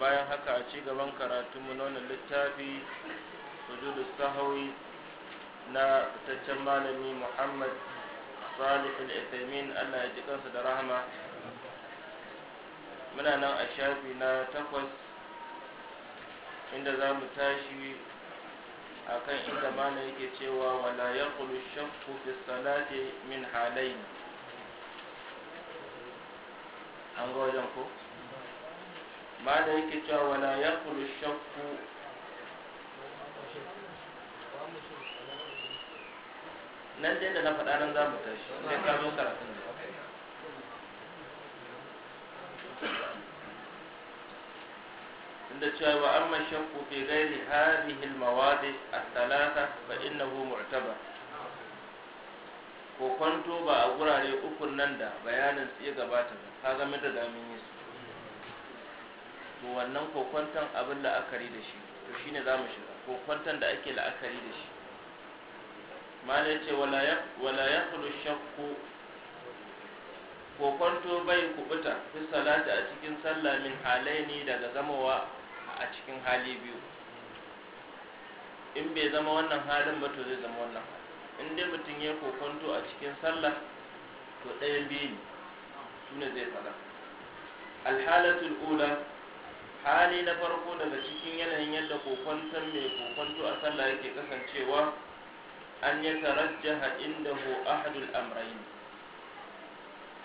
bayan haka a ci gaban karatunmu na wannan littafi sujudu sahawi na fitaccen malami muhammad salih al-ithaimin allah ya ji kansa da rahama muna nan a shafi na takwas inda za mu tashi a kan inda mana yake cewa wala ya kulu shakku fi salati min halayi an ga wajen ko? ma da yake cewa wala ya kulu shakku nan dai da na faɗa nan za mu tashi sai ka zo karatun da inda cewa wa amma shakku fi gairi hadhihi almawadi at-thalatha fa innahu mu'tabar ko kwanto ba a gurare ukun nan da bayanin sai gabata ba ka ga da damin to wannan kokwantan abin la'akari da shi to shine za mu shiga kokwantan da ake la'akari da shi mala ya ce wala ya kudu shakku kokwanto bai kubuta fi salati a cikin sallah min halaini daga zamawa a cikin hali biyu in bai zama wannan halin ba to zai zama wannan in dai mutum ya kokwanto a cikin sallah to ɗayan biyu ne su ne zai fara alhalatul ula hali na farko daga cikin yanayin yadda kokwantar mai kokwanto a sallah yake kasancewa an ya da ho ahadul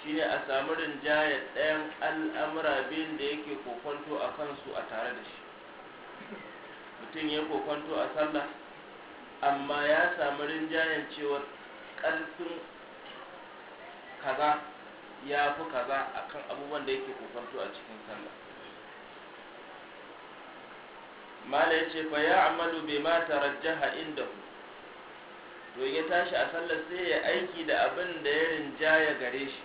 shi ne a samu rinjaya ɗayan al'amura biyun da yake kokwanto a kansu a tare da shi mutum ya kokwanto a sallah amma ya samu rinjayen cewa ƙarfin kaza ya fi kaza akan abubuwan da yake kokwanto a cikin sallah mala ya ce fa ya amalu bai ma tarajjaha inda to ya tashi a sallar sai ya aiki da abin da ya rinjaya gare shi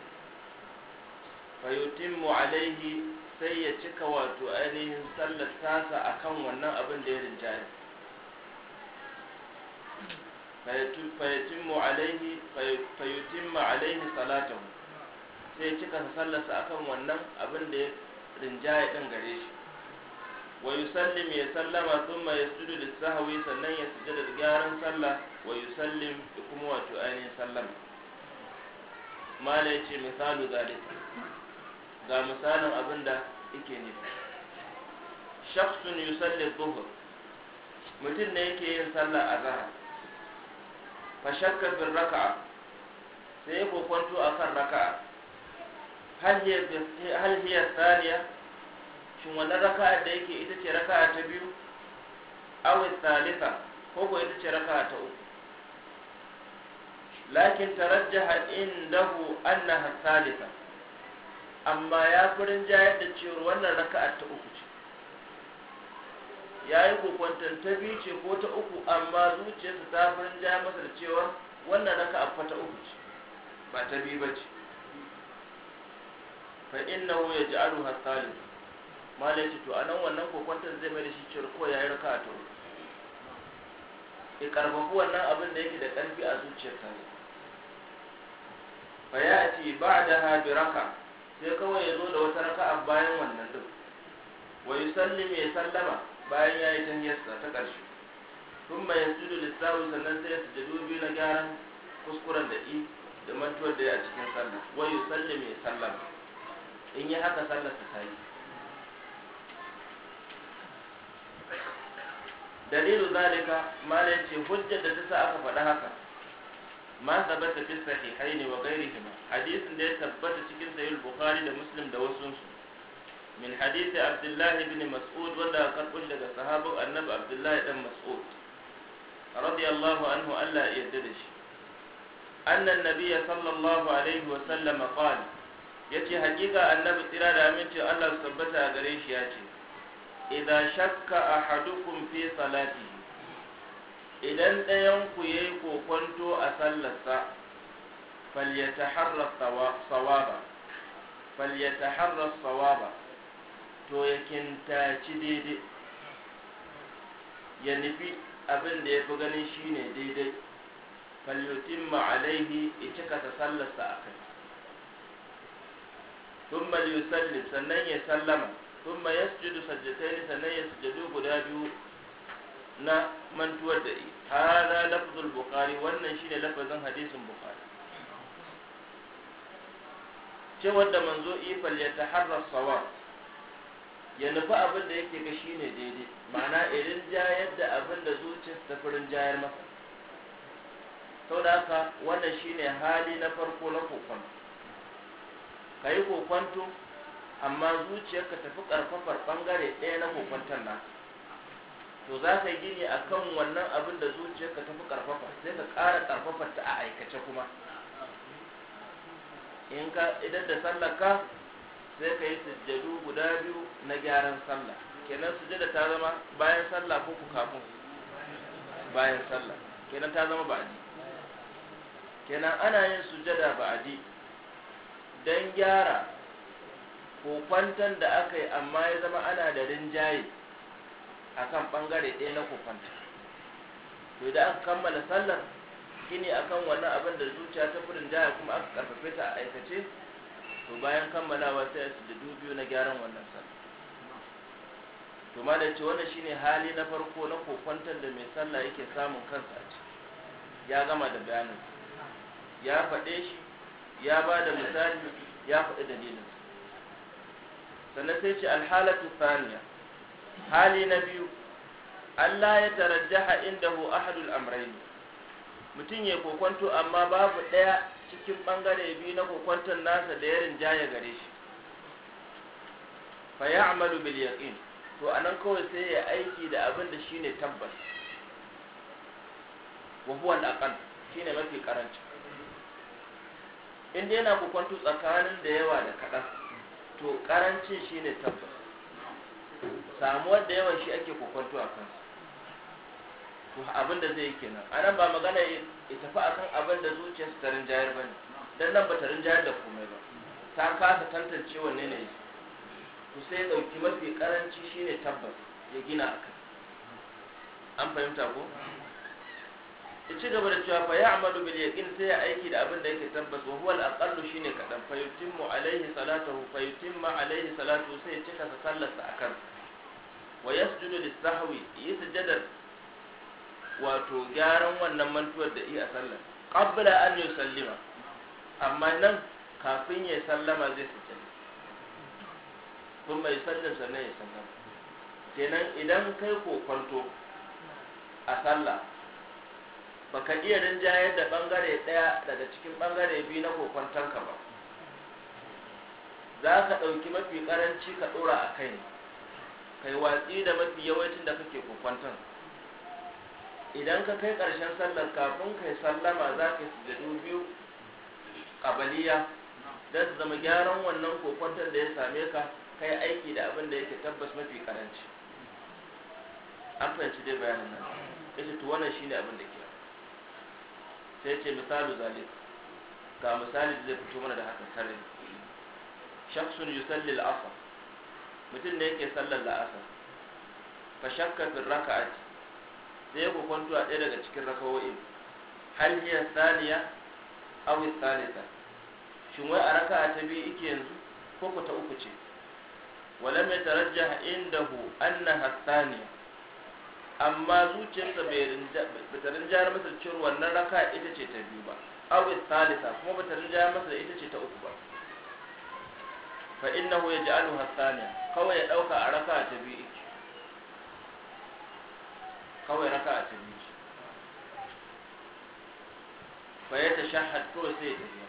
fa yutimmu alaihi sai ya cika wato ainihin sallar tasa akan wannan abin da ya rinjaya fayatimmu alaihi fayatimmu alaihi salatahu sai cika sallarsa akan wannan abin da ya rinjaya din gare shi wa yusallim ya sallama thumma yasjudu lis-sahwi sannan ya sujada da gyaran sallah wa yusallim da kuma wato ainihin sallama mala yace misalu zalika ga misalin abinda yake nufi shakhsun yusalli dhuhr mutum ne yake yin sallah a zahar fa shakka bin raka'a sai ya kokwanto akan raka'a hal hiyar Saniya. shin wannan raka'a da yake ita ce raka'a ta biyu awi salisa ko ko ita ce raka'a ta uku lakin tarajjaha indahu annaha salisa amma ya furin ja da cewar wannan raka'a ta uku ce ya yi kokwantar ta biyu ce ko ta uku amma zuciyarsa ta furin ja masa da cewar wannan raka'a fa ta uku ce ba ta biyu ba ce fa innahu yaj'aluha salisa malai ce to a nan wannan kokwantar zai mai da shi cire ko ya yi raka a turu ya karfafi wannan abin da yake da ƙarfi a zuciyar ta fa ya ce ba da ha bi raka sai kawai ya zo da wata raka a bayan wannan duk wa yusallim ya sallama bayan ya yi tahiyarsa ta ƙarshe Tun mai yasudu lissahu sannan sai ya sujudu biyu na gyaran kuskuren da i da mantuwar da ya cikin sallah wa yusallim ya sallama in yi haka sallar ta yi dalilu zalika malai ce hujjar da ta aka faɗa haka ma tabbata fi sahihain wa ghairihima hadisin da ya tabbata cikin sahih bukhari da muslim da wasu su min hadisi abdullahi ibn mas'ud wanda aka karbo daga sahabu annabi abdullahi dan mas'ud radiyallahu anhu Allah ya yarda da shi annan nabiyya sallallahu alaihi wa sallam qala yace hakika annabi tsira da aminci Allah su tabbata a gare shi yace idan shakka a kun fi salati idan ɗayan ku yi kokonto a sallarsa falyataharra sawaba falyataharra sawaba to ya kintaci daidai ya nufi abin da ya fi ganin shi ne daidai falyutimma alaihi ya cika ta sallarsa a kai ثم ليسلم sannan ya sallama ثم يسجد سجدتين sannan ya غدا guda biyu na mantuwar da لفظ البخاري wannan shine lafazin hadisin bukhari cewar da manzo ifal ya taharra sawa ya nufi abin da yake ga shine daidai ma'ana irin jayar da abin da zuciyar ta furin jayar masa sau da haka wannan shine hali na farko na kokon ka yi kokonto amma zuciyarka tafi karfafar bangare ɗaya na kokwantar nan to za ka gini a kan wannan abin da zuciyarka tafi karfafa sai ka ƙara karfafar ta a aikace kuma in ka idan da sallar ka sai ka yi sujjadu guda biyu na gyaran sallah kenan sujjada ta zama bayan sallah ko ku kafin bayan sallah kenan ta zama ba'adi kenan ana yin sujjada ba'adi don gyara ko kwantan da aka yi amma ya zama ana da rinjaye a kan bangare ɗaya na kokwanta to idan aka kammala sallar shine akan wannan abin da zuciya ta furin jaya kuma aka karfafe ta a aikace to bayan kammalawa sai a sujudu biyu na gyaran wannan sallar to ma da ce wannan shine hali na farko na kokwantar da mai sallah yake samun kansa a ya gama da bayanin ya faɗe shi ya ba da misali ya faɗi dalilin sannan sai ce alhalatu saniya hali na biyu Allah ya tarajjaha hu ahadul amrayni mutum ya kokwanto amma babu ɗaya cikin ɓangare biyu na kokwanton nasa da ya rinjaya gare shi fa ya amalu biliyakin to a nan kawai sai ya aiki da abin da shi ne tabbas wahuwan huwa shi ne mafi karanci inda yana kokwanto tsakanin da yawa da kaɗan to karancin shi ne tabbas samuwar da yawan shi ake kokwanto a kansa to abin da zai kenan a nan ba magana ya tafi a kan abin da zuciyarsa ta rinjayar ba ne don nan ba ta rinjayar da komai ba ta kasa tantance wanne ne ku sai ya ɗauki mafi karanci shi ne tabbas ya gina a kai an fahimta ko ya ci gaba da cewa fa ya'malu bil yaqin sai ya aiki da abin da yake tabbas wa huwa al shine kadan fa yutimmu alayhi salatahu fa yutimma alayhi salatu sai ya cika sa sallarsa akan wa yasjudu lis sahwi yasjada wato gyaran wannan mantuwar da yi a sallar qabla an yusallima amma nan kafin ya sallama zai sujjada kuma ya sallar sannan ya sallama kenan idan kai ko kwanto a sallah baka iya rinjayar da bangare daya daga cikin bangare biyu na kokwantanka ba za ka ɗauki mafi karanci ka ɗora a kai kai watsi da mafi yawancin da kake kokwantan idan ka kai ƙarshen sallar kafin kai sallama za ka sujadu biyu ƙabaliya don su zama gyaran wannan kokwantan da ya same ka kai aiki da abin da yake tabbas mafi karanci an fahimci dai bayanin nan yace to wannan shine abin da ke sai ce misalu zalik ga misali da zai fito mana da haka sarri shakhsun yusalli al-asr mutum ne yake sallar la'asar fa shakka fi raka'ati sai ku kwanto a ɗaya daga cikin rakawo'in hal hiya thaniya aw thalitha shin wai a raka'a ta biyu yake yanzu ko ko ta uku ce walam yatarajjah indahu annaha thaniya amma zuciyarsa bai ta rinjayar masa cewar wannan raka ita ce ta biyu ba awis salisa kuma ba ta rinjayar masa ita ce ta uku ba fa innahu yaj'alu hasaniya kawai ya dauka a raka ta biyu iki kawai raka ta biyu fa ya tashahhad to sai ya tafi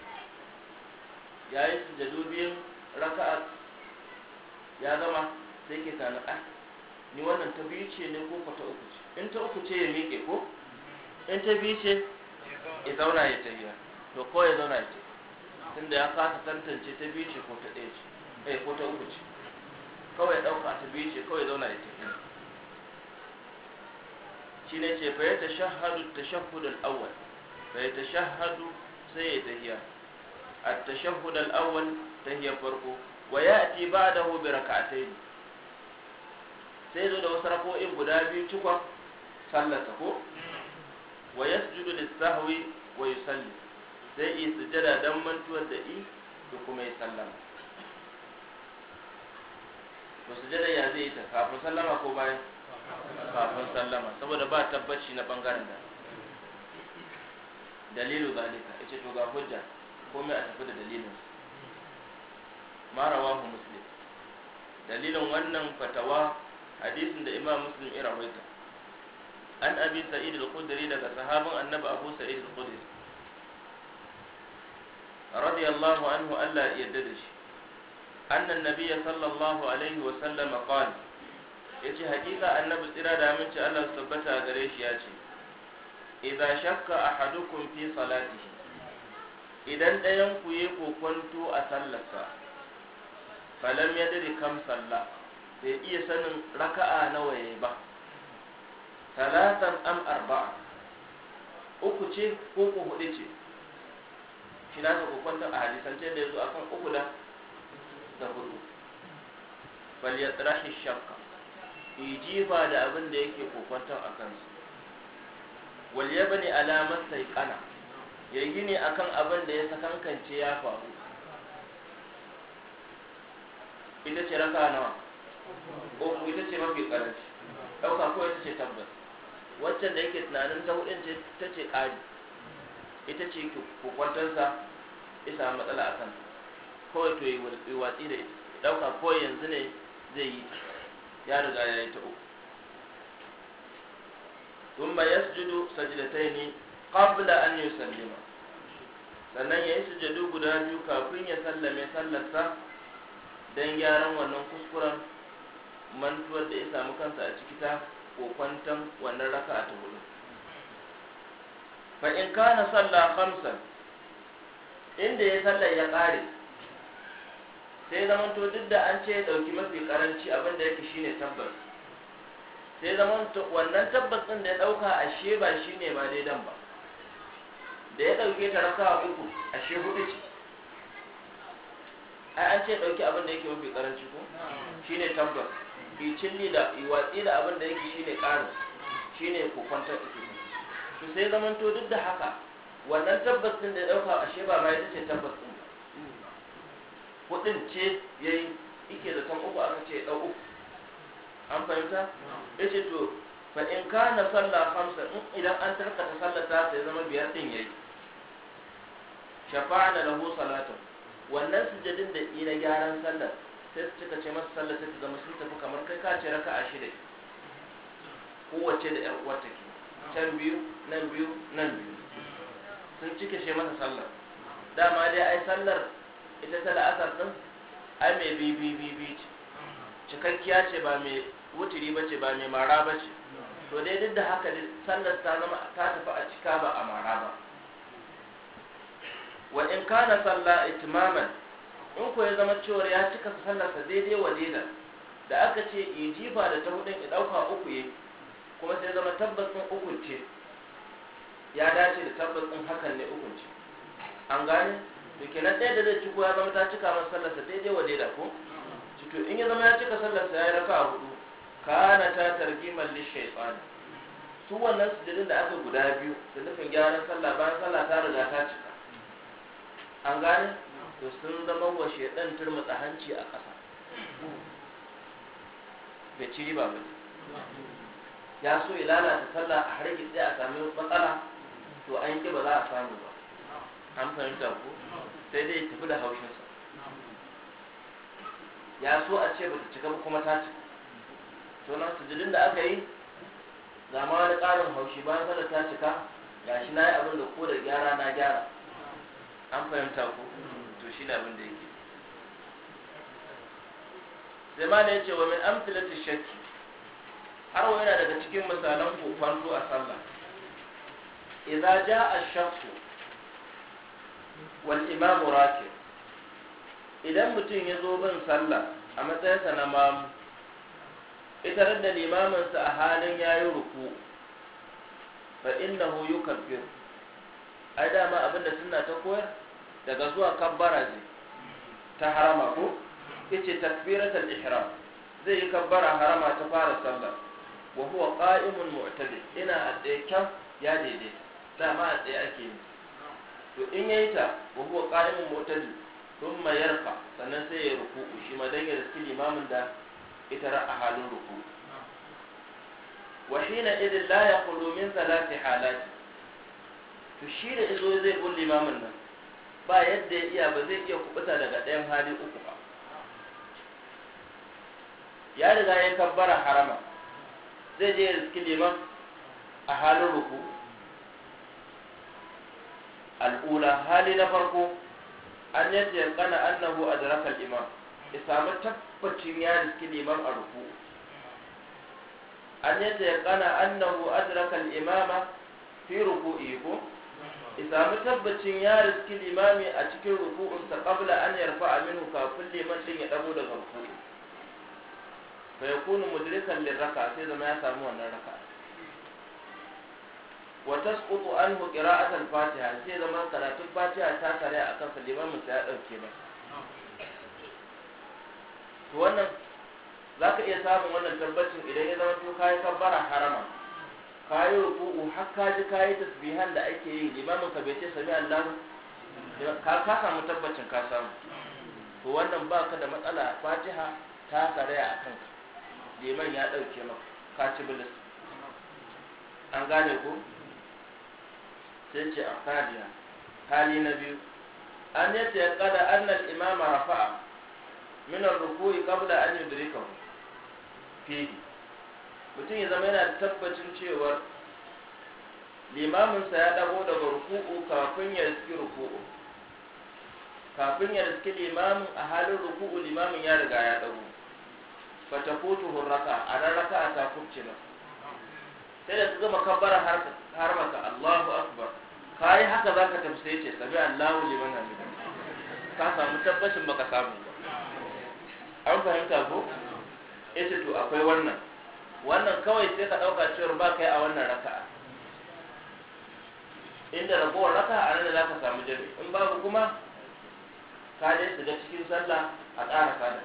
yayin sujadu biyun raka'a ya zama sai ke sami ah ni wannan ta biyu ce ne ko ta uku ce in ta uku ce ya miƙe ko in ta biyu ce ya zauna ya tafiya to ko ya zauna ya tafiya da ya kasa tantance ta biyu ce ko ta ɗaya ce eh ko ta uku ce kawai ɗauka ta biyu ce kawai zauna ya tafiya shi ne ce bai ta shahadu ta shahudul awwal bai ta shahadu sai ya tafiya a ta tashahudul ta hiyar farko wa ya ati ba da hobi raka'atai sai zo da wasu rako'in guda biyu cikon ta ko wa yasjudu da sahwi wa salli. sai yi sujada don mantuwar da i da kuma yi sallama ba jada ya zai yi ta kafin sallama ko bayan kafin sallama saboda ba tabbaci na bangaren da dalilu zalika yace to ga hujja komai a tafi da dalilin Mara rawahu muslim dalilin wannan fatawa hadisin da imam muslim ya rawaita an abi sa'id al-khudri daga sahabin annabi abu sa'id al-khudri radiyallahu anhu Allah yadda da shi annan nabiyya sallallahu alaihi wa sallam qala yace hakika annabi tsira da aminci Allah su tabbata gare shi ya ce idza shakka ahadukum fi salatihi idan dayan ku yi kokonto a sallarsa falam yadri kam sallah bai iya sanin raka'a nawa waye ba talatan am arba'a uku ce ko ko hudu ce shi na ta kwakwanta a hadisance da a akan uku da da hudu bal yatrahi shakka ba da abin da yake kokwantar a kansu ba ne alamar kana ya gini akan abin da ya sakankance ya faru ita ce raka nawa uku ita ce mafi karanci ɗauka kawai ita ce tabbas Wancan da yake tunanin ta hudun ce ta ce ƙari ita ce kukwantarsa isa matsala a kan kawai to yi watsi da ita ɗauka kawai yanzu ne zai yi ya riga ya yi ta uku ne, يسجد سجدتين قبل أن يسلم sannan ya yi sujudu guda biyu kafin ya sallame sallarsa don gyaran wannan kuskuren mantuwar da ya samu kansa a ciki ta kokwantan wannan a ta hudu fa’in in kana sallah khamsan inda ya sallar ya ƙare. sai zaman to duk da an ce ya ɗauki mafi abinda ya da shi ne tabbas sai zaman to wannan tabbas ɗin da ya a ashe ba shine ba daidan ba da ya ɗauke ta a uku ashe hudu ce ai an ce ɗauki abin da yake mafi ƙaranci ko ne tabbas bicin ni da watsi da abin da yake shine ƙarin shine ku kwantar da kuma su sai to duk da haka wannan tabbas din da ya ɗauka ashe ba ma ita ce tabbas din kuɗin ce ya yi ike da kan uku aka ce ɗau uku an fahimta ya ce to fa in kana sallah hamsa in idan an tarkata sallah ta sai zama biyar din yayi da lahu salatu wannan sujadin da ina gyaran sallar sai su cika ce masa sallar sai su zama sun tafi kamar kai ka ce raka a shida kowace da yan uwarta ke can biyu nan biyu nan biyu sun cike ce masa sallar dama dai ai sallar ita ta la'asar din ai mai bi bi bi bi ce cikakkiya ce ba mai wuturi ba ce ba mai mara ba ce to dai duk da haka sallar ta zama ta tafi a cika ba a mara ba wa in kana sallah itmaman in ko ya zama cewar ya cika sallarsa daidai wa daidai da aka ce yi jifa da ta hudun ya dauka uku ya kuma sai zama tabbas uku ce ya dace da tabbas din hakan ne uku ce an gane to ke ɗaya da zai ci ko ya zama ta cika masa sallarsa daidai wa daidai ko to in ya zama ya cika sallarsa ya yi raka hudu kana ta targiman lishaifani su wannan sujudin da aka guda biyu da nufin gyaran sallah bayan sallah ta riga ta cika an gane to sun zama wa shaidan turmutsa hanci a ƙasa da ciri ba mai ya so ilana lalata sallah a har sai a sami matsala to an ki ba za a samu ba an fahimta ko sai dai tafi da haushinsa ya so a ce ba ta cika ba kuma ta ci to na sujudin da aka yi zama wani ƙarin haushi bayan sallar ta cika gashi na yi abin da ko da gyara na gyara an fahimta ko shi ne abin da yake zamana ya ce wa min shakki har wa yana daga cikin misalan kokwanto a sallah idza ja ash shakku wal imam ratib idan mutum ya zo bin sallah a matsayinsa na mamu ita da limaminsa a halin yayi ruku hoyo innahu yukabbir ai dama abinda sunna ta koyar daga zuwa kabbara ce ta harama ko yace takbiratul ihram zai yi kabbara harama ta fara sallah wa huwa qa'imun mu'tadil ina a tsaye kyan ya da ma a tsaye ake yi to in yayi ta wa huwa qa'imun mu'tadil thumma yarfa sannan sai ya ruku shi ma dan ya riski limamin da ita ra'a a halin ruku wa hina idin la yaqulu min salati halati to shi da izo zai bulli limamin nan ba yadda ya iya ba zai iya kubuta daga ɗayan hali uku ba ya riga ya kabbara harama zai je riski liman a halin ruku al'ula hali na farko an yadda ya kana annahu a darakar imam ya samu tabbacin ya riski liman a ruku an yadda ya kana annahu a darakar imama fi ruku iko sami tabbacin ya riski limami a cikin sa kabla an yarfa aminu kafin liman din ya dabo daga ruku'u fa yakunu mudrikan lirraka sai zama ya samu wannan raka wa tasqutu anhu qira'atul fatiha sai zama karatun fatiha ta kare akan sa limamin sa ya dauke ba. to wannan zaka iya samun wannan tabbacin idan ya zama to kai kabbara harama kayi ruku'u har ka ji kayi tasbihan da ake yi limamin ka bai ce sami Allah ka ka samu tabbacin ka samu to wannan baka da matsala Fatiha ta tsaraya a kanka liman ya dauke maka ka ci bilis an gane ko sai ce akadiya ah, hali na biyu an yace ya kada annal imama rafa'a min ar-ruku'i qabla an yudrikahu fihi mutum ya zama yana da tabbacin cewar limaminsa ya dago daga ruku'u kafin ya riski ruku'u kafin ya riski limamin a halin ruku'u limamin ya riga ya dago fa ta kutu hurraka a ran raka a takubci na sai da su gama kabbara har maka Allahu akbar ka yi haka za ka tafsai ce sami Allahu liman hamid ka samu tabbacin baka samu ba an fahimta ko ita to akwai wannan wannan kawai sai ka ɗauka cewar ba kai a wannan raka'a inda ragowar raka'a a nan za ka samu jami in babu kuma ka dai shiga cikin sallah a tsara fada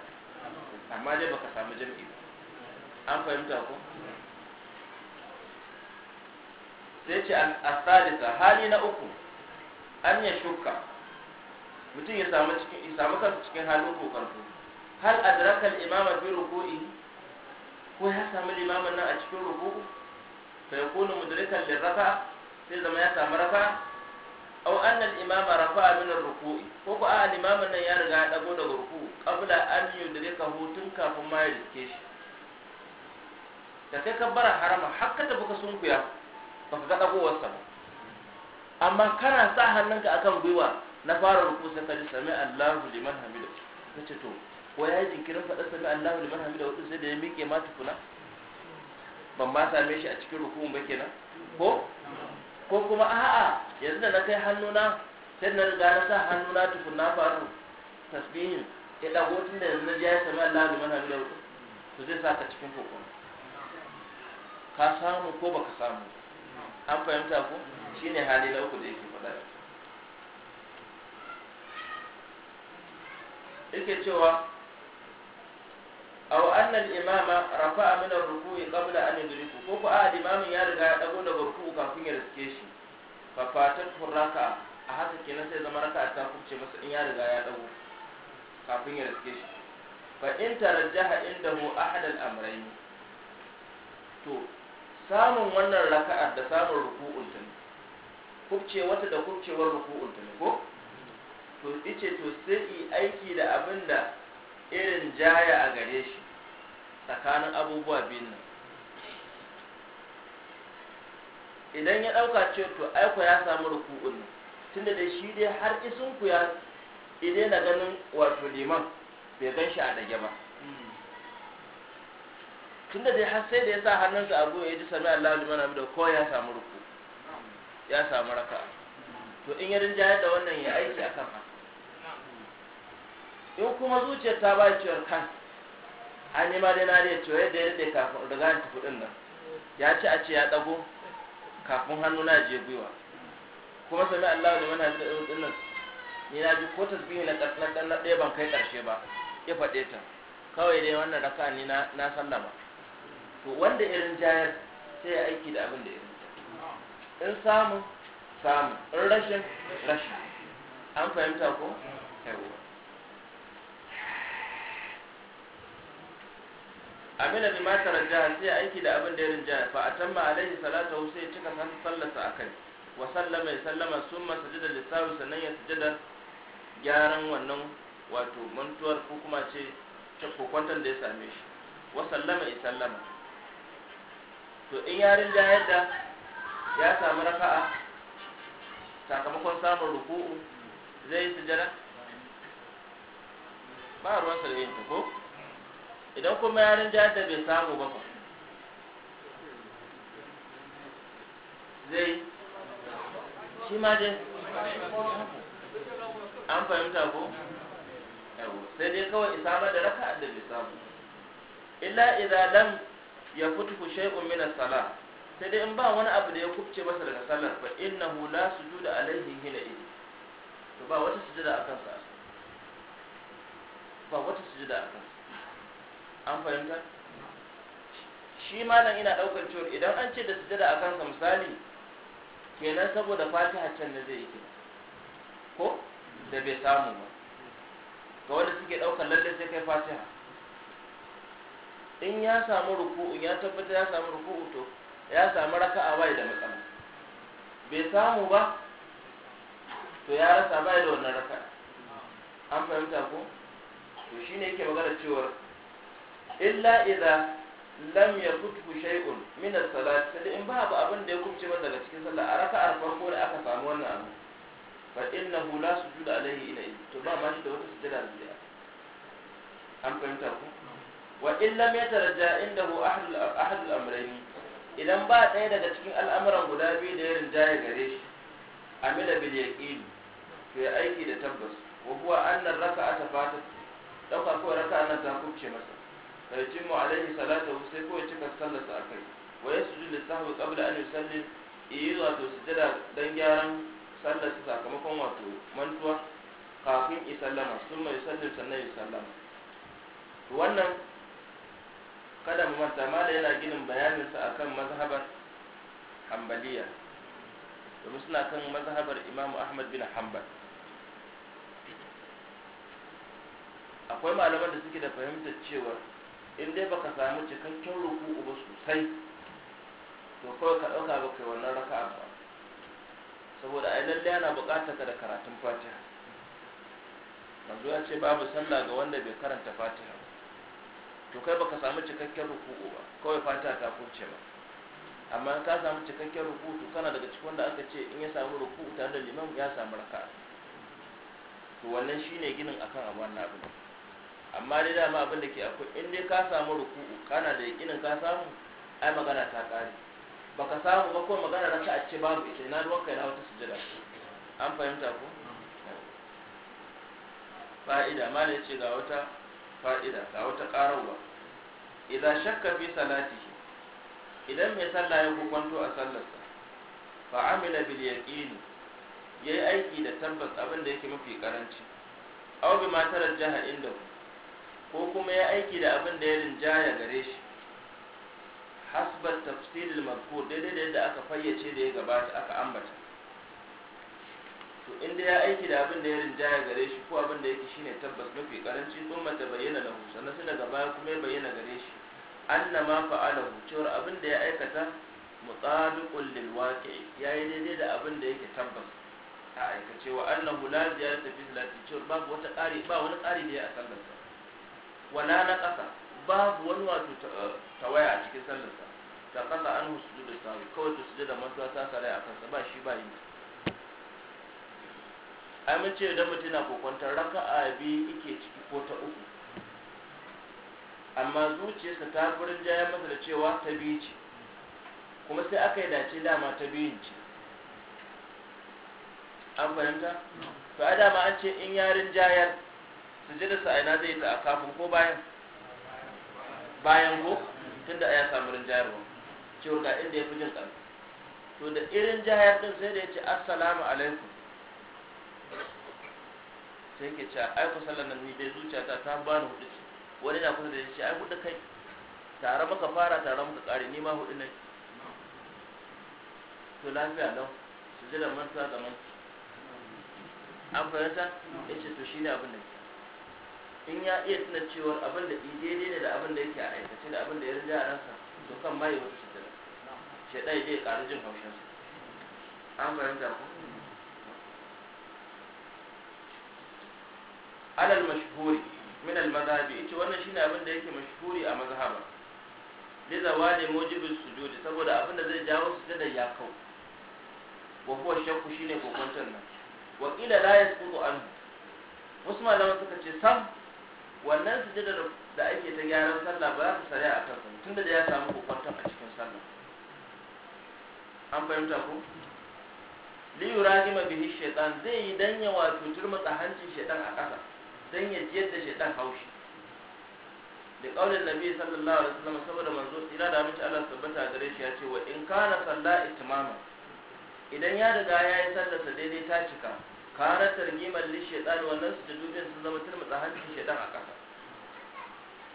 amma dai baka samu jami'i ba an fahimta ko sai ce a sadisa hali na uku an yi shuka mutum ya samu kansu cikin halin kokarto hal adraka al-imama biro ruku'i ko ya samu limamin nan a cikin ruku'u fa yakunu mudrikan raka sai zama ya samu raka aw anna al-imam rafa'a min ar-ruku'i ko ko a limamin nan ya riga ya dago daga ruku'u qabla an yudrika hutun kafin ma ya rike shi da kai kabbara harama har ka tafi ka sunkuya ba ka ga dagowarsa ba amma kana sa hannunka akan gwiwa na fara ruku sai ka ji sami Allahu liman hamida kace to ko ya yi jinkirin faɗa Allah Allahu liman hamida wasu sai da ya miƙe ma tukuna ban ba same shi a cikin rukun ba kenan ko ko kuma a'a yanzu da na kai hannuna sai na riga na sa hannuna tukuna faru tasbihin ya ɗago tun da yanzu na ji ya sami Allahu liman hamida wasu to zai sa ka cikin kokon ka samu ko baka samu an fahimta ko shine hali na uku da yake faɗa yake cewa aw anna al-imama rafa'a min ar-ruku'i qabla an yudriku ko ko a limamin ya riga ya dago daga ruku'u kafin ya riske shi fa fatatu raka'a a haka kenan sai zama raka'a ta kubce masa in ya riga ya dago kafin ya riske shi fa in tarajjaha indahu ahad al-amrayn to samun wannan raka'ar da samun ruku'un ta ne kubce wata da kubcewar ruku'un ta ne ko to ice to sai aiki da abinda irin jaya a gare shi tsakanin abubuwa biyun nan idan ya ɗauka ce to aiko ya samu rukun ne tunda da shi dai har ku ya idai na ganin wato liman bai gan shi a dage ba tunda dai har sai da ya sa hannunsa a goya ya ji sami Allah liman abu da ko ya samu ruku ya samu raka to in ya jaya da wannan ya aiki akan haka in kuma zuciyar ta ba ciwon kan an yi ma dai na dai ciwo yadda ya daɗe kafin daga gane tafi nan ya ci a ce ya ɗago kafin hannu na je gwiwa kuma sami Allah da mana da ɗin nan ni na ji ko tasbihi na ɗan na ɗaya ban kai ƙarshe ba ya faɗe ta kawai dai wannan raka ni na sallama to wanda irin jayar sai ya aiki da abin da irin in samu samu in rashin rashin an fahimta ko yawwa amina bi ma tarajja sai aiki da abin da ya rinja fa atamma alaihi salatu sai cika san sa akai wa sallama sallama summa sajada lisawi sannan ya sajada gyaran wannan wato mantuwar ko kuma ce kokwantar da ya same shi wa sallama ya sallama to in ya rinja yadda ya samu raka'a sakamakon samun ruku'u zai yi sujada ba ruwan sa da yin ta ko idan kuma yarin jihar da bai samu ba zai shi ma dai an fahimta ko sai dai kawai isama da raka da bai samu illa idza lam yafutu shay'un min as-salah sai dai in ba wani abu da ya kubce masa daga sallar fa innahu la sujuda alaihi hina idi to ba wata sujuda akan sa ba wata sujuda akan an fahimta shi nan ina daukar cewa idan an ce da sujada a kansa misali kenan saboda fatiha can da zai yi ko da bai samu ba ga wanda suke daukar lalle sai kai fatiha in ya samu ruku'u ya tabbata ya samu ruku'u to ya samu raka'a bai da matsala bai samu ba to ya rasa bai da wannan raka'a an fahimta ko to shine yake magana cewa illa idza lam yakuthu shay'un min as-salat sai in babu abin da ya kubce ba daga cikin sallah a raka'ar farko da aka samu wannan abu fa innahu la sujud alayhi ila to ba ma shi da wata sujada da zai an fahimta ku wa in lam yatarajja indahu ahad al-amrayn idan ba ɗaya daga cikin al'amuran guda biyu da yarin rinjaye gare shi amila bil yaqin to ya aiki da tabbas wa huwa anna ar-raka'ata fatat dauka ko raka'a nan ta kubce masa فيتم عليه صلاته salatahu sai صلاة أكي cika للسهو قبل أن يسلل إيضا تسجد دنجارا صلاة yi wato sujada dan gyaran sallar su sakamakon wato mantuwa kafin isallama sun mai wannan kada mu manta mala yana ginin bayaninsa akan mazhabar hambaliya domin suna kan mazhabar imamu ahmad bin hambal. akwai malaman da suke da fahimtar cewa in dai baka samu cikakken ruku ba sosai to kawai ka ɗauka ba kai wannan raka'a ba saboda ai lallai yana buƙatar ka da karatun fatiha manzo ya ce babu sallah ga wanda bai karanta fatiha ba to kai baka samu cikakken ruku ba kawai fatiha ta kurce ba amma ka samu cikakken ruku to kana daga cikin wanda aka ce in ya samu ruku tare da liman ya samu raka'a to wannan shine ginin akan abu wannan abu. amma dai dama abin da ke akwai in dai ka samu ruku'u kana da yakinin ka samu ai magana ta kare baka samu ba ko magana na ka a ce babu ita na ruwan kai na wata sujada an fahimta ko fa'ida ma da yace ga wata fa'ida ga wata karawa idan shakka fi salati idan mai sallah ya kwanto a sallarsa fa amila bil yaqin yayi aiki da tabbas abin da yake mafi karanci aw bi ma tarajjaha indahu ko kuma ya aiki da abin da ya rinjaya gare shi hasbar tafsiril mazkur daidai da yadda aka fayyace da ya gabata aka ambata to inda ya aiki da abin da ya rinjaya gare shi ko abin da yake shine tabbas mafi karanci sun mata bayyana lahu sannan sai daga baya kuma ya bayyana gare shi anna ma fa'alahu cewar abin da ya aikata mutsabiqul lil waqi'i yayi daidai da abin da yake tabbas a aikace wa annahu la ziyarata fi lati cewar babu wata ƙari ba wani ƙari da ya asallarsa wala na ƙasa babu wani wato tawaya a cikin sallarsa ta ƙasa an husu da sawi kawai ta sujada mantuwa ta sare a kansa ba shi ba yi a yi ce da mutum na raka a biyu ike ciki ko ta uku amma zuciyarsa ta furin jaya masa da cewa ta biyu ce kuma sai aka yi dace dama ta biyun ce an fahimta to a dama an ce in yarin jayar sujudarsa a ina zai ta a kafin ko bayan bayan ko tunda ya samu rinjayarwa cewa ga inda ya fi jin ƙarfi to da irin jihar din sai da ya ce assalamu alaikum sai ke cewa ai ku sallar nan ni dai zuciya ta ta bani hudu ce wani na kusa da ya ce ai hudu kai tare maka fara tare maka kare ni ma hudu ne. to lafiya nan, su jira manta zaman an fahimta ya ce to shi ne abin da ke in ya iya tuna cewar abin da daidai ne da abin da yake a aikace da abin da ya rija a ransa to kan ma ya wata sujjada shaidan ya je ƙarar jin haushin su an fahimta ku alal mashhuri min al madhabi ita wannan shine abin da yake mashhuri a mazhaba li zawali mujibis sujudi saboda abin da zai jawo su sujjada ya kau wa huwa shakku shine kokon nan wa ila la yasqutu anhu wasu malaman suka ce sam wannan sujada da ake ta gyaran sallah ba za ta sare a kansa tun da ya samu kokwanton a cikin sallah an fahimta ko li yurajima bihi shaytan zai yi dan ya wato turmutsa hancin shaytan a ƙasa dan ya jiyar da shaytan haushi da kaulin nabi sallallahu alaihi wasallam saboda manzo ila da mace Allah tabbata gare shi ya ce wa in kana sallah itmama idan ya daga ya yi sallarsa daidai ta cika kana targimar li shaytan wannan sujudin sun zama turmutsa hancin shaytan a kasa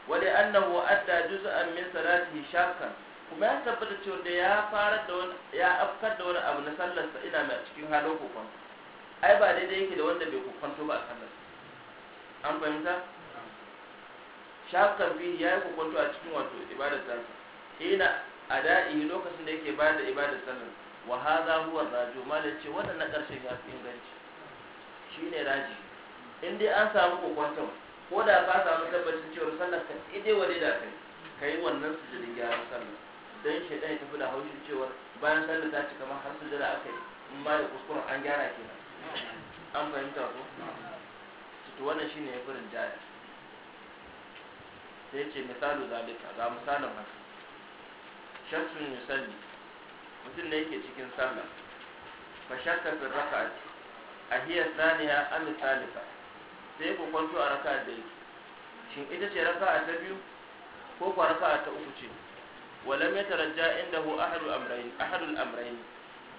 wa annahu adda juz'an min salatihi shakkan kuma ya tabbata cewa da ya fara da wani ya afkar da wani abu na sallar sa ina mai cikin halin kokon ai ba daidai yake da wanda bai to ba a sallar an fahimta shakkan fi ya yi to a cikin wato ibadar sallar ina ada'i lokacin da yake bada ibadar sallar wa hadha huwa raju ce wannan na karshen ya fi inganci shi ne raji in dai an samu kokwanton ko da ba samu tabbacin cewa sallar ka ide wale da kai kai wannan su sujudin gyaran sallar dan shi ya tafi da haushin cewa bayan sallar ta ci kamar har jira aka yi in ma da kuskuren an gyara kenan an fahimta ko to wannan shine ya furin jaya sai ce misalu zalika ga misalin haka shaksun yusalli mutum ne yake cikin sallah fa shakka fi raka'ati a hiya saniya am salisa sai ku kwanto a raka'a da yake shin ita ce raka'a ta biyu ko kuwa raka'a ta uku ce walam yatarajja indahu ahadu amrayn ahadul amrayn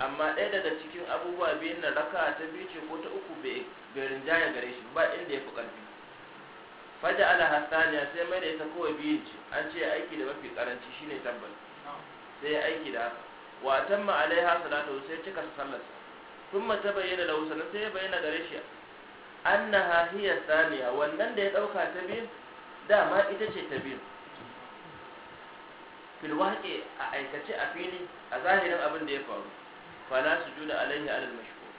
amma ɗaya daga cikin abubuwa biyun na raka ta biyu ce ko ta uku bai rinjaya gare shi ba inda ya fi ƙarfi faja ala hasaniya sai mai da ita kowa biyun ce an ce aiki da mafi karanci shine tabbas sai ya aiki da haka wa tamma alaiha salatu sai cika sallarsa ثم تبين له sannan sai ya bayyana gare shi annaha hiya wannan da ya ɗauka ta biyu dama ita ce ta biyu fil a aikace a fili a zahirin abin da ya faru fala sujuda alaihi alal mashhur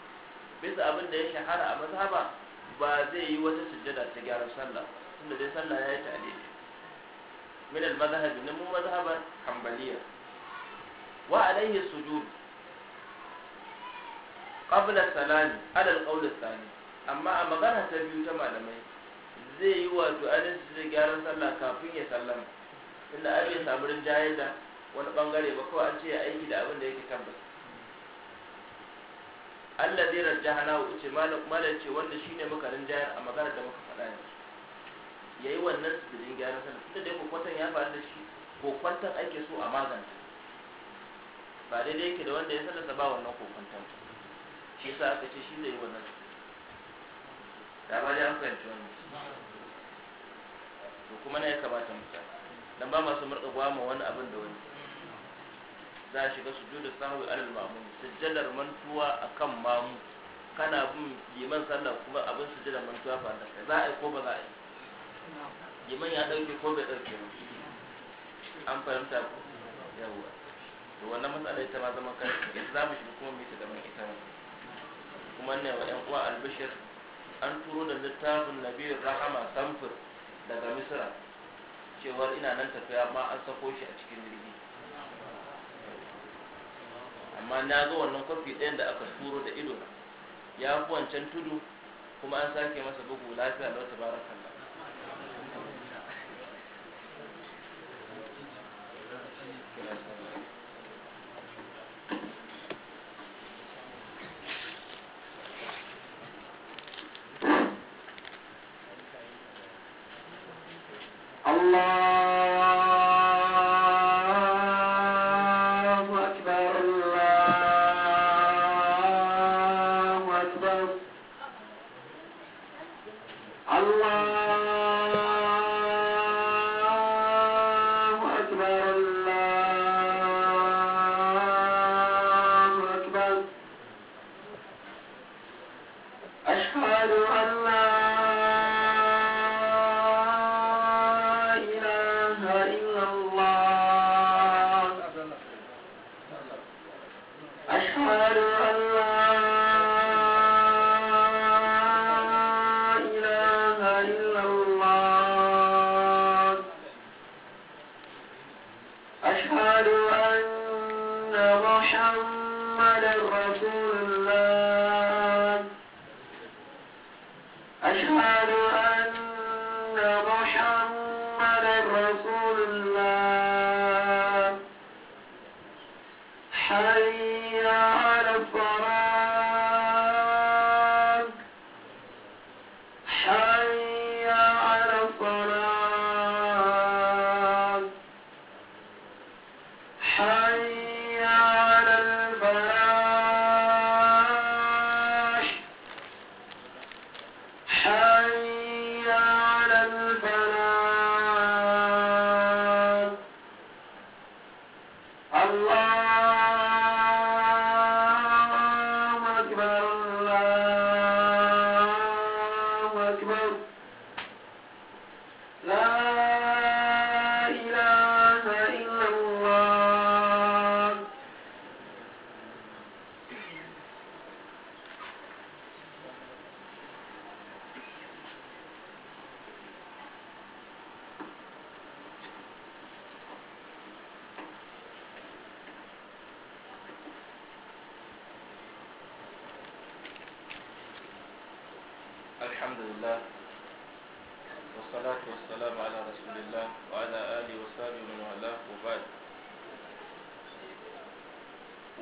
bisa abin da ya shahara a mazhaba ba zai yi wata sujjada ta gyaran sallah tunda dai sallah ya yi ta'lil min al mazhab min mu mazhaban hanbaliya wa alaihi sujud qabla salami alal qawl sani amma a magana ta biyu ta malamai zai yi wato anin zai gyaran sallah kafin ya sallama inda an yi samu rinjaye wani bangare ba kawai an ce ya aiki da abin da yake tabbas Allah zai rajjaha na wuce malam ce wanda shi ne muka rinjaye a magana da muka faɗa Ya yi wannan sirrin gyaran sallah tunda dai kokwatan ya faru da shi kokwatan ake so a magance ba daidai yake da wanda ya sallasa ba wannan kokwantan shi sa aka ce shi zai yi wannan da ba an fahimci wannan to kuma na ya kamata mu ta dan ba masu murka gwama wani abin da wani za a shiga sujudu sahwi alal ma'mum sujjadar mantuwa akan mamu kana bin liman sallah kuma abin sujjadar mantuwa ba da za a yi ko ba za a yi liman ya dauke ko bai dauke ba an fahimta ku yawwa to wannan matsala ita ma zama kai yanzu za mu shiga kuma mu yi ta gaban ita wannan kuma ne wa yan uwa albishir an turo da littafin nabiyar rahama samfur daga misira cewa ina nan tafiya ma an sako shi a cikin jirgi amma na zo wannan kwafi ɗayan da aka turo da ido ya fi wancan tudu kuma an sake masa bugu lafiya da wata barakan Allah.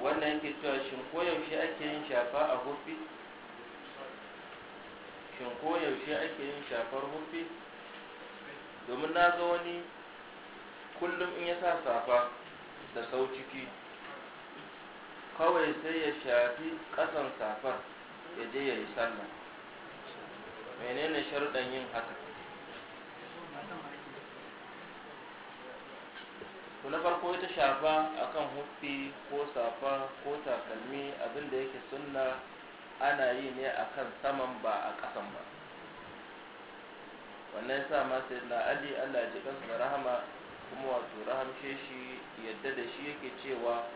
wannan yake cewa shin koyaushe ake yin shafa a hufi shin koyaushe ake yin shafar hufi domin na ga wani kullum in ya sa safa da sau ciki kawai sai ya shafi ƙasan safar ya je ya yi sallah menene sharuɗan yin haka to na farko ita shafa akan huffi ko safa ko takalmi abinda da yake sunna ana yi ne akan saman ba a ƙasan ba wannan sa ma sai na ali Allah ya ji da rahama kuma wato rahamshe shi yadda da shi yake cewa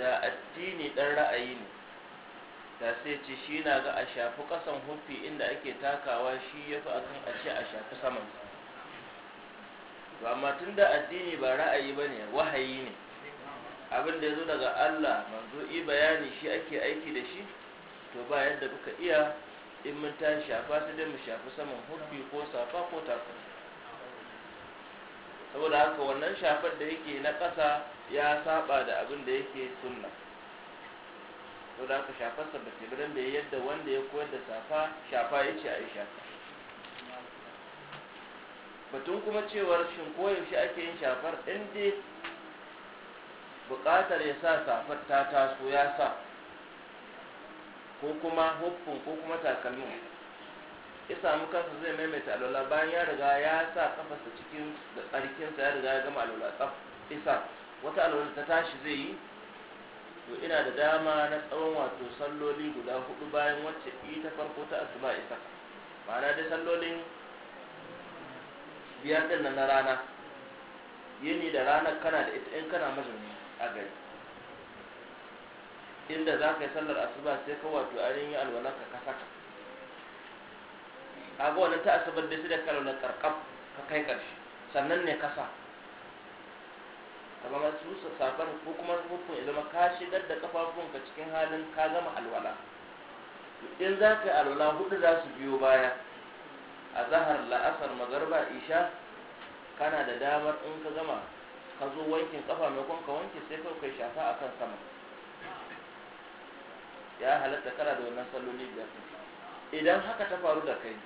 da addini dan ra'ayi ne da sai ce shi na ga a shafi kasan huffi inda ake takawa shi yafi akan a ce a shafi samansa to amma tunda addini ba ra'ayi bane wahayi ne abin da yazo daga Allah manzo i bayani shi ake aiki da shi to ba yadda muka iya in mun ta shafa ta da mu shafi saman hubbi ko safa ko tafi saboda haka wannan shafar da yake na ƙasa ya saba da abin da yake sunna saboda haka shafarsa ba ta da yadda wanda ya koyar da safa shafa ya ce a yi shafa batun kuma cewar shin koyaushe ake yin shafar ɗin dai buƙatar ya sa safar ta taso ya sa ko kuma huffin ko kuma takalmin ya samu kansa zai maimaita alola bayan ya riga ya sa kafasa cikin da tsarkinsa ya riga ya gama alola tsaf isa wata alola ta tashi zai yi to ina da dama na tsawon wato salloli guda hudu bayan wacce ta farko ta asuba isa ma'ana dai sallolin biyar din nan na rana yini da ranar kana da ita in kana mazuni a gari inda za ka yi sallar asuba sai ka wato ainihin yi alwalar ka saka kaga wannan ta asabar da da kalwalar karkam ka kai karshe sannan ne kasa amma su safar ko kuma hukun ya zama ka shigar da kafafunka cikin halin ka gama alwala in za ka yi alwala hudu za su biyo baya a zahar la'asar magarba isha kana da damar in ka gama ka zo wankin kafa mai ka wanke sai kai kai shafa kan sama ya halatta kana da wannan salloli biyar idan haka ta faru da kai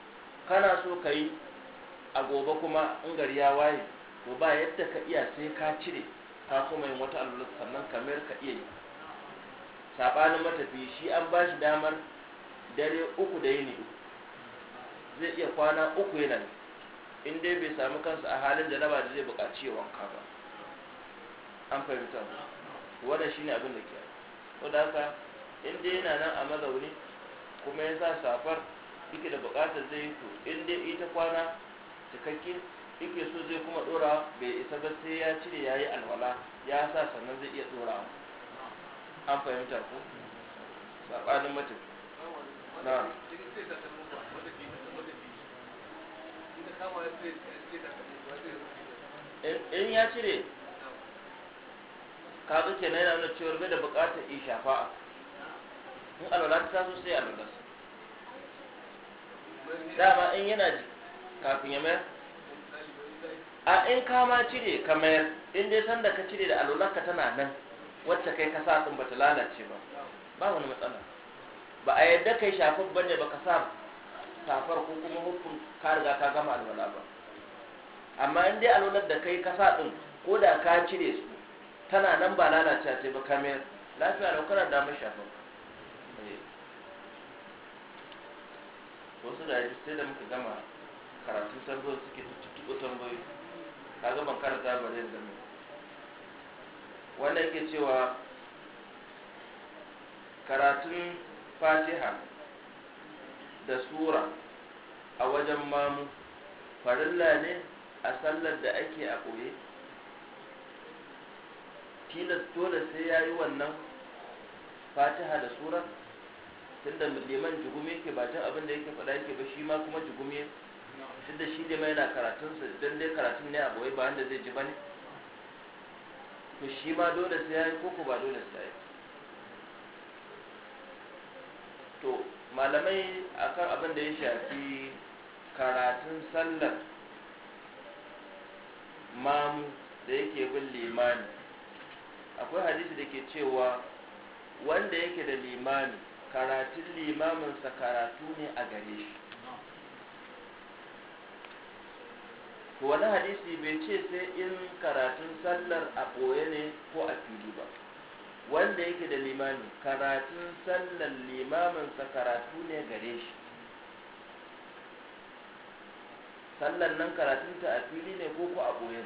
kana so ka yi a gobe kuma in gari ya waye to ba yadda ka iya sai ka cire ka kuma yin wata alwala sannan ka mayar ka iya yi saɓanin matafi shi an ba shi damar dare uku da yini uku zai iya kwana uku yana ne in dai bai sami kansa a halin janaba da zai buƙaci ya wanka ba an fahimta shi shine abin da ke saboda haka in dai yana nan a mazauni kuma ya sa safar yake da buƙatar zai yi to in dai ita kwana cikakke yake so zai kuma dora bai isa ba sai ya cire ya yi alwala ya sa sannan zai iya dora an fahimta ku saɓanin mutum na in ya cire kaga kenan yana nuna cewar bai da bukatar in shafa'a in alwala ta taso sai alwala su dama in yana ji kafin ya mayar a in ka ma cire ka mayar in dai sanda ka cire da alwala ka tana nan wacce kai ka sa sun bata lalace ba ba wani matsala ba a yadda kai shafa bane ba ka sa safar ko kuma hukun ka riga ka gama alwala ba amma in dai alwalar da kai kasa din ko da ka cire su tana nan ba lalacewa ta ba kamar lafiya da kana damar shafa. Eh. wasu da sai da muka gama karatun tambayoyi suke tuttuɓo tambayoyi ka gama karanta ba zai zama wanda yake cewa karatun fatiha da sura a wajen mamu farilla ne a sallar da ake a ɓoye tilas dole sai ya yi wannan fatiha da sura tunda liman jigumi yake ba tun abin da yake faɗa yake ba shi ma kuma jigumi da shi mai na karatunsa don dai karatun ne a ɓoye ba wanda zai ji ba ne to shi ma dole sai ya yi koko ba dole sai ya yi to malamai akan abin da ya shafi karatun sallar mamu da yake bin limani akwai hadisi da ke cewa wanda yake da limani karatun limaminsa karatu ne a gare shi wani hadisi bai ce sai in karatun sallar a ɓoye ne ko a fili ba wanda yake da limami karatun sallan sa karatu ne gare shi sallan nan karatunta a fili ne ko ko a ɓoye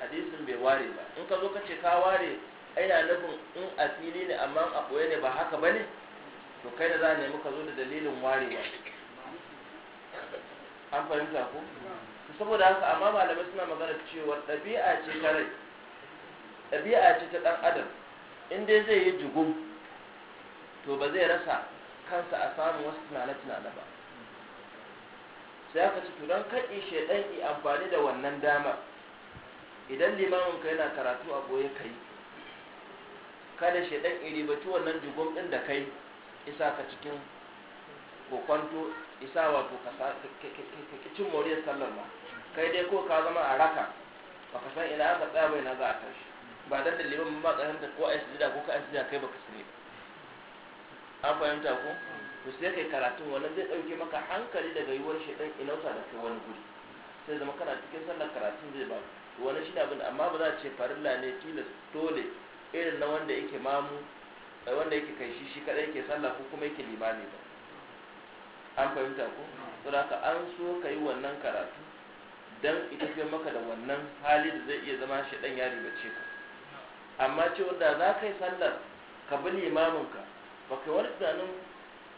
hadisin bai ware ba in ka zo ka ce ka ware aina nufin in a fili ne amma a ɓoye ne ba haka ba ne to kai da za a nemi ka zo da dalilin ba an fahimta ko saboda haka amma malamai suna magana cewa ɗabi'a ce ta ɗabi'a ce ta ɗan adam in dai zai yi jugum to ba zai rasa kansa a samun wasu tunane-tunane ba sai aka ci turan kaɗi shaidan yi amfani da wannan dama idan limamin kai yana karatu a goye kai kada kada shaidan iri ribaci wannan jugum ɗin da kai isa ka cikin kokwanto isa wato ka cin moriyar sallar ba kai dai ko ka zama a raka ba ka san ina aka tsaya bai na za a tashi ba dan da liman ba ka fahimta ko ai sujada ko ka ai sujada kai baka sani ba an fahimta ko to sai kai karatun wannan zai dauke maka hankali daga yiwuwar shedan inauta da kai wani guri sai zama kana cikin sallar karatun zai ba wani shi abin amma ba za a ce farilla ne tilas dole irin na wanda yake mamu eh, wanda yake kai shi shi kadai yake sallah ko kuma yake limami ba an fahimta ko saboda ka an so ka yi wannan karatu dan ita maka da wannan hali da zai iya zama shi dan ya ribace ka amma ce wanda za ka yi sallar ka bi limaminka ba kai wani tunanin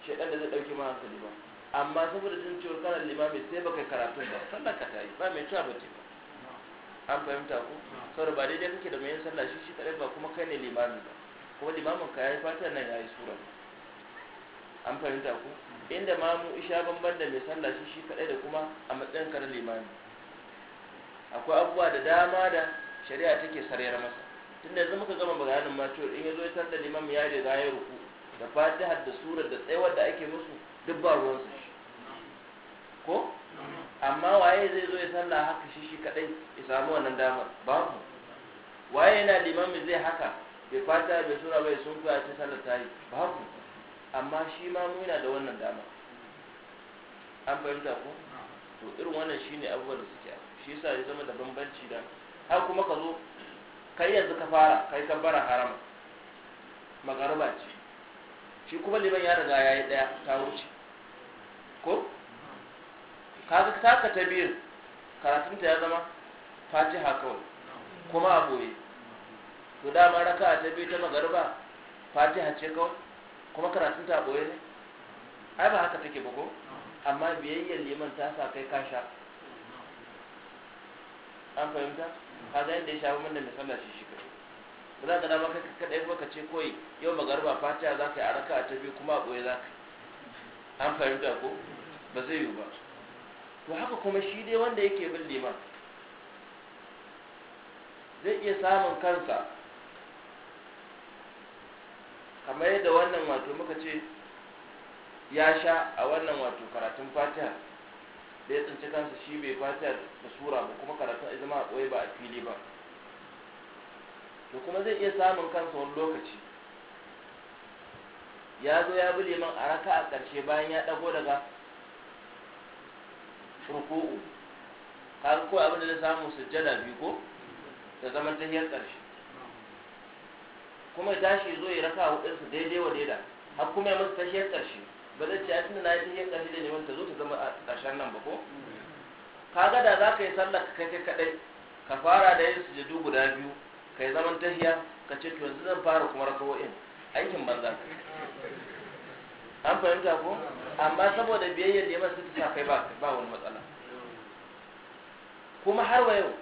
shaidan da zai ɗauki ma hankali ba amma saboda jin cewar kana limami sai ba kai karatun ba sallar ka ta yi ba mai cewa ba ce ba an fahimta ku saboda ba daidai kake da mai yin sallah shi shi kaɗai ba kuma kai ne limami ba kuma limaminka ya yi fatan nan ya yi sura an fahimta ku inda ma mu isha banban da mai sallah shi shi kaɗai da kuma a matsayin karar limami akwai abubuwa da dama da shari'a take sarera masa tunda yanzu muka gama bayanin ma cewa in yazo zo ya tarda limam ya riga ya ruku da fatihar da surar da tsayawar da ake musu duk ba ruwan su ko amma waye zai zo ya sallah haka shi shi kadai ya samu wannan ba babu waye yana limam zai haka bai fata bai sura bai sun kuya ce sallar ta yi babu amma shi ma mu yana da wannan dama an fahimta ko to irin wannan shine abubuwan da suke shi yasa ya zama da bambanci da har kuma ka zo kai yanzu ka fara kai bara harama magaruba ce shi kuma liman ya riga ya yi ɗaya ta wuce ko kaga taka ta karatun karatunta ya zama fatiha kawai kuma a boye to dama raka ta biyu ta magaruba fatiha ce kawai kuma karatunta a boye ne ai ba haka take ba ko amma biyayyar liman ta sa kai kasha an fahimta kaga yadda ya shafi mun da misalla shi shi kai ba za ka dama kai kadai ba ka ce koyi yau magarba fatiha za ka yi a raka a ta biyu kuma a ɓoye za ka an fahimta ko ba zai yiwu ba to haka kuma shi dai wanda yake bin liman zai iya samun kansa kamar yadda wannan wato muka ce ya sha a wannan wato karatun fatiha da ya tsinci kansa shi bai fata da sura ba kuma karatun a zama a ba a fili ba to kuma zai iya samun kansa wani lokaci ya zo ya bi liman a raka a ƙarshe bayan ya ɗago daga ruku'u har ko abin da samu sujjada biyu ko da zaman tahiyar ƙarshe kuma ya tashi zo ya raka hudunsa daidai wa daida har kuma ya musu tahiyar ƙarshe ba zai ce a tunda na yi ɗin ƙarfi da neman ta zo ta zama a ƙarshen nan ba ko ga da za ka yi sallar ka kai kaɗai ka fara da yin sujadu guda biyu ka yi zaman tahiya ka ce yanzu zan fara kuma raka'o'in aikin banza an fahimta ko amma saboda biyayyar neman sun ta kai ba wani matsala kuma har wa yau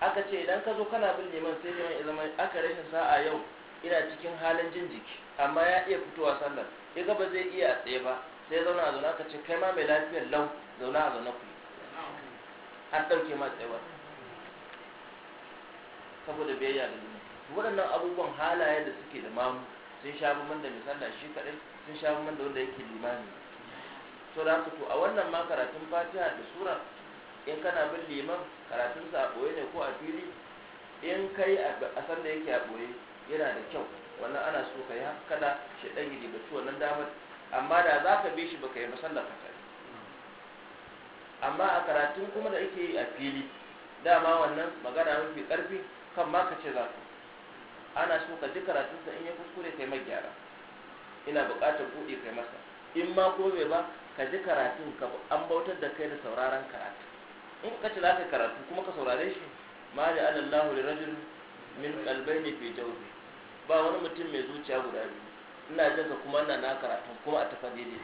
aka ce idan ka zo kana bin neman sai neman ya zama aka rashin sa'a yau ina cikin halin jin jiki amma ya iya fitowa sallar ya ga ba zai iya a tsaye ba sai ya zauna a zauna ka ce kai ma mai lafiyar lau zauna a zauna ku Har ɗauke ma tsaye saboda biyayya da zuna waɗannan abubuwan halaye da suke da mamu sun sha bamban da misalla shi kaɗai sun sha bamban da wanda yake limani to da haka to a wannan ma karatun fatiha da sura in kana bin liman karatunsa a ɓoye ne ko a fili in kai a san da yake a ɓoye yana da kyau wannan ana so ka yi kada shi ɗan yi ribaci wannan damar amma da za ka bi shi ba ka yi masallar ka tare amma a karatun kuma da ake yi a fili dama wannan magana mafi ƙarfi kan ma ka ce za ku ana so ka ji karatun sa in ya kuskure kai mai gyara ina buƙatar buɗe kai masa in ma ko ba ka ji karatun ka an bautar da kai da sauraron karatu in ka ci za ka karatu kuma ka saurare shi ma da alallahu li min qalbayni fi ba wani mutum mai zuciya guda biyu ina jin ka kuma ina na karatun kuma a tafa daidai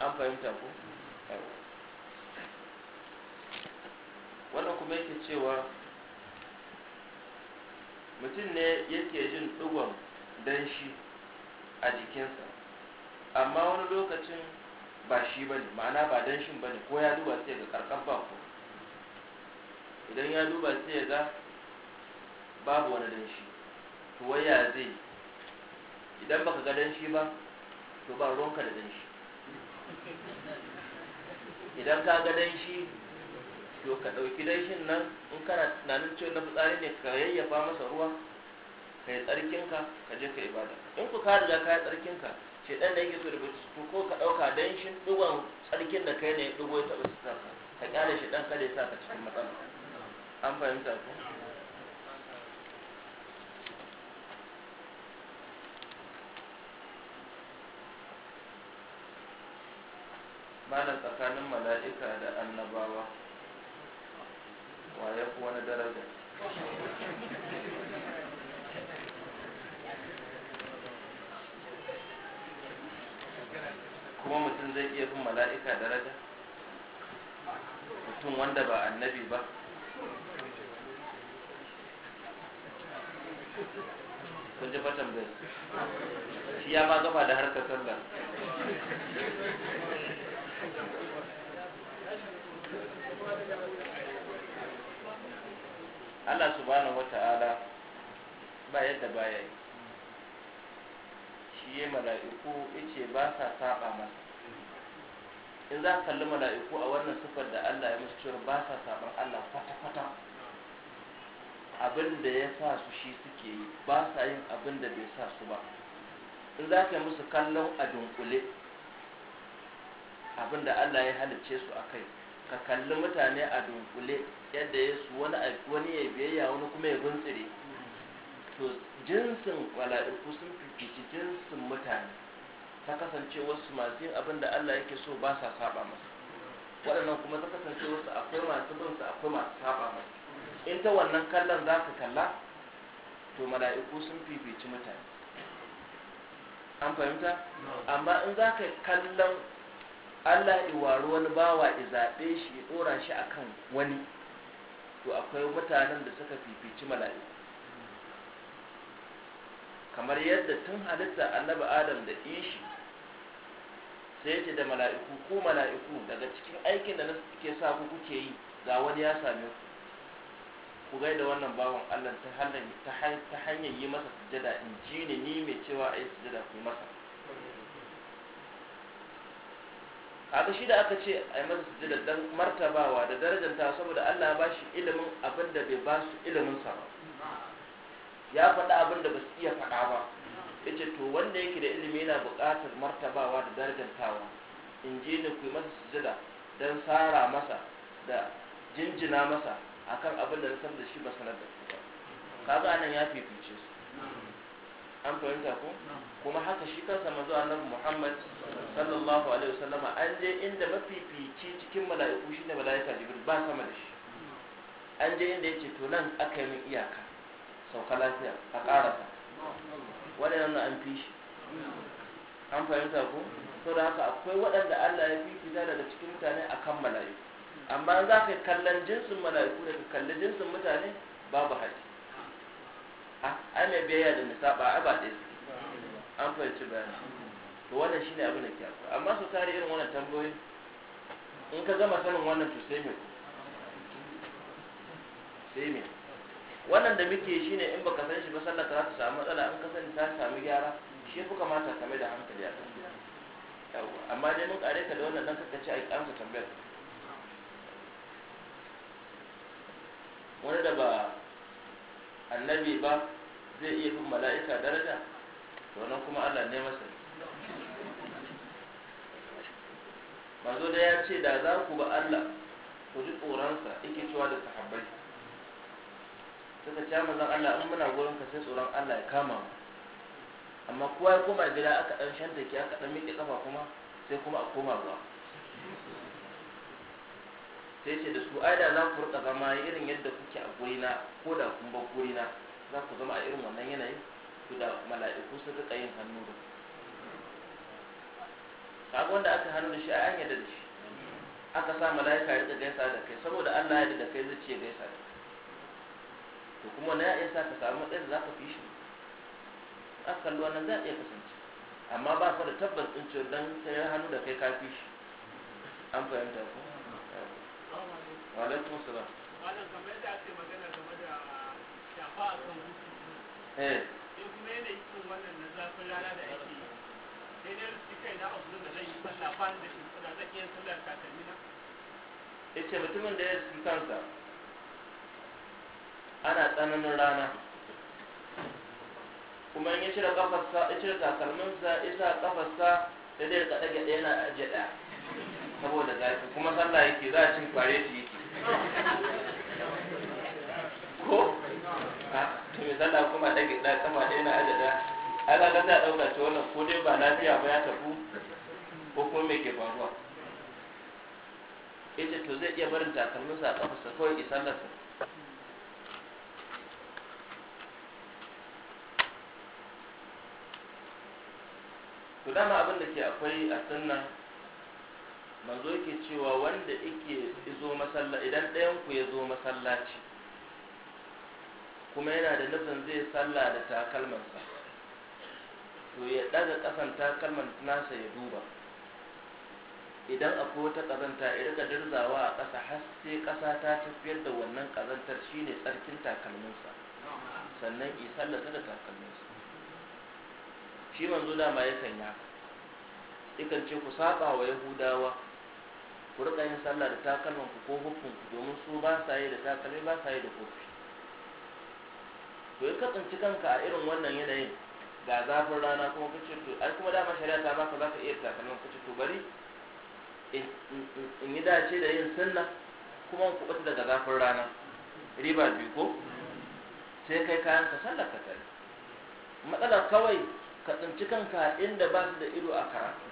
an fahimta ko wannan kuma yake cewa mutum ne yake jin dugon danshi a jikinsa amma wani lokacin ba shi ba ne ma'ana ba danshin ba ne ko ya duba sai ga karkar ba idan ya duba sai ga babu wani danshi to waya zai idan baka ga danshi ba to ba ruwanka da danshi idan ka ga danshi to ka ɗauki danshin nan in kana tunanin cewa na fitsari ne ka yayyafa masa ruwa ka yi tsarkinka ka je ka ibada in ku ka riga ka yi tsarkinka ce dan da yake so da bai ko ka ɗauka danshin ɗigon tsarkin da kai ne ɗigo ya taɓa su ka ka kyale shi dan kada ya sa ka cikin matsala an fahimta ko malam tsakanin mala'ika da annabawa wa ya fi wani daraja kuma mutum zai iya fin mala'ika daraja mutum wanda ba annabi ba sun ji fatan bai shi ya ma zama da harkar sanda Allah subhanahu wa ta'ala ba yadda ba ya yi shi ya mala'iku ice ba sa saba masa in za ka kalli mala'iku a wannan sufar da Allah ya musu cewa ba sa saban Allah kwata-kwata abin da ya sa su shi suke yi ba sa yin abin da bai sa su ba in za ka yi musu kallon a dunkule abin da allah ya halicce su a kai ka kalli mutane a dunkule yadda ya su wani wani ya biyayya wani kuma ya guntsire to jinsin wala'iku sun fifici jinsin mutane ta kasance wasu masu yin abin da allah yake so ba sa saba masa waɗannan kuma ta kasance wasu akwai masu bin su akwai masu saba masa in ta wannan kallon za ka kalla to mala'iku sun fifici mutane an fahimta amma in za ka kallon allah iwaru wani bawa i zaɓe shi ya ɗora shi akan wani to akwai mutanen da suka fifici mala'iku kamar yadda tun halitta annabi adam da ishi sai ce da mala'iku ko mala'iku daga cikin aikin da na suke sa kuke yi ga wani ya same ku ku gai da wannan bawan Allah ta hanyar yi masa sujada in ji ne ni mai cewa a yi sujada ku masa kaga shi da aka ce a yi masa sujada don martabawa da darajanta saboda Allah ba shi ilimin abin da bai ba su ilimin sa ba ya faɗa abin da ba su iya faɗa ba yace to wanda yake da ilimi yana buƙatar martabawa da darajantawa in ji ne ku masa sujada don sara masa da jinjina masa akan abin da na san da shi ba sanar da ku ba kaga anan ya fifice su an fahimta ko kuma haka shi kansa manzo annabi Muhammad sallallahu alaihi wasallama an je inda mafifici cikin mala'iku shine mala'ika Jibril ba sama da shi an je inda yace to nan aka yi min iyaka sauka lafiya a karasa wannan an fi shi an fahimta ko to da haka akwai waɗanda Allah ya fifita daga cikin mutane akan mala'iku amma za ka kallon jinsin mala'iku da ka kalli jinsin mutane babu haji a ai mai biyayya da misaba a ba ɗaya an fahimci bayani to wannan ne abin da ke akwai amma su tare irin wannan tambayoyi in ka gama sanin wannan to sai me sai mai wannan da muke shi ne in ka san shi ba sallar ka za ta samu matsala in ka sani ta samu gyara shi ya fi kamata ka mai da hankali a kan amma dai mun kare ka da wannan nan ka ce a yi amsa tambayar wani da ba annabi ba zai iya bin mala'ika daraja wannan kuma Allah ne masa mazo da ya ce da za ku ba Allah ku ji tsoronsa yake cewa da sahabbai suka ce mazan Allah in muna gurin ka sai tsoron Allah ya kama amma kowa ya koma gida aka dan shanta ki aka dan miƙe kafa kuma sai kuma a koma ba. sai ce da su ai da za ku rika zama irin yadda kuke a gurina ko da kun bar gurina za ku zama a irin wannan yanayi ku da mala'iku su rika yin hannu da kaga wanda aka hannu da shi a an yadda da shi aka sa mala'ika ya gaisa da kai saboda Allah ya da kai zai ce gaisa da to kuma na ya isa ka samu matsayin za ka fi shi a kallo wannan za a iya kasance amma ba ka da tabbas ɗin cewa dan sai hannu da kai ka fi shi an fahimta ko wa alaikum salam malam kamar da ake a eh kuma yana yi wannan na rana da ake yi da yi da shi mutumin da ya ana tsananin rana kuma in ya cire kafarsa ya cire takalminsa ya sa kafarsa da zai rika ɗage yana ajiye ɗaya saboda zafi kuma sallah yake za a cin kware shi ko a to me zana kuma ɗage da sama ɗaya na adada ala ga da, a ɗauka ce wannan ko dai ba lafiya ba ya tafi ko kuma me ke faruwa ita to zai iya barin takalminsa a kafarsa kawai isallarsa to dama abin da ke akwai a sunna manzo yake cewa wanda yake izo masallaci idan ɗayan ku ya zo masallaci kuma yana da nufin zai salla da takalmansa to ya ɗaga ƙasan takalman nasa ya duba idan akwai wata ƙazanta ya riga dirzawa a ƙasa har sai ƙasa ta tafiyar da wannan ƙazantar shine tsarkin takalminsa sannan yi sallata da takalminsa shi manzo dama ya sanya. ikan ce ku saba wa yahudawa ku rika yin sallah da takalman ku ko hukun ku domin su ba sa yi da takalmi ba sa yi da kofi to ya katsanci kanka a irin wannan yanayin ga zafin rana kuma ce to ai kuma dama shari'a ta baka zaka iya takalmin ce to bari in yi dace da yin sunna kuma ku bata daga zafin rana riba biyu ko sai kai kayan ka sallar ka tare matsala kawai ka tsinci kanka inda ba su da ido a karatu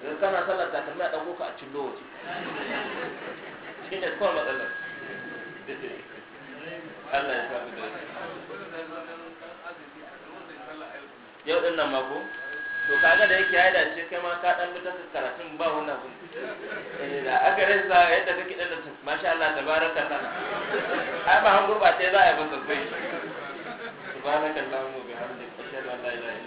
idan kana sallar takalmi a ɗago ka a cin waje shi ne kuma matsalar Allah ya samu da yau ɗin nan ma ko to kaga da yake haida ce kai ma ka dan bi ta karatun ba wannan kun eh da aka rasa yadda kake dan nan masha Allah tabaraka ta ai ba han gurbata za a yi ba sosai subhanakallahu wa bihamdika ashhadu an la ilaha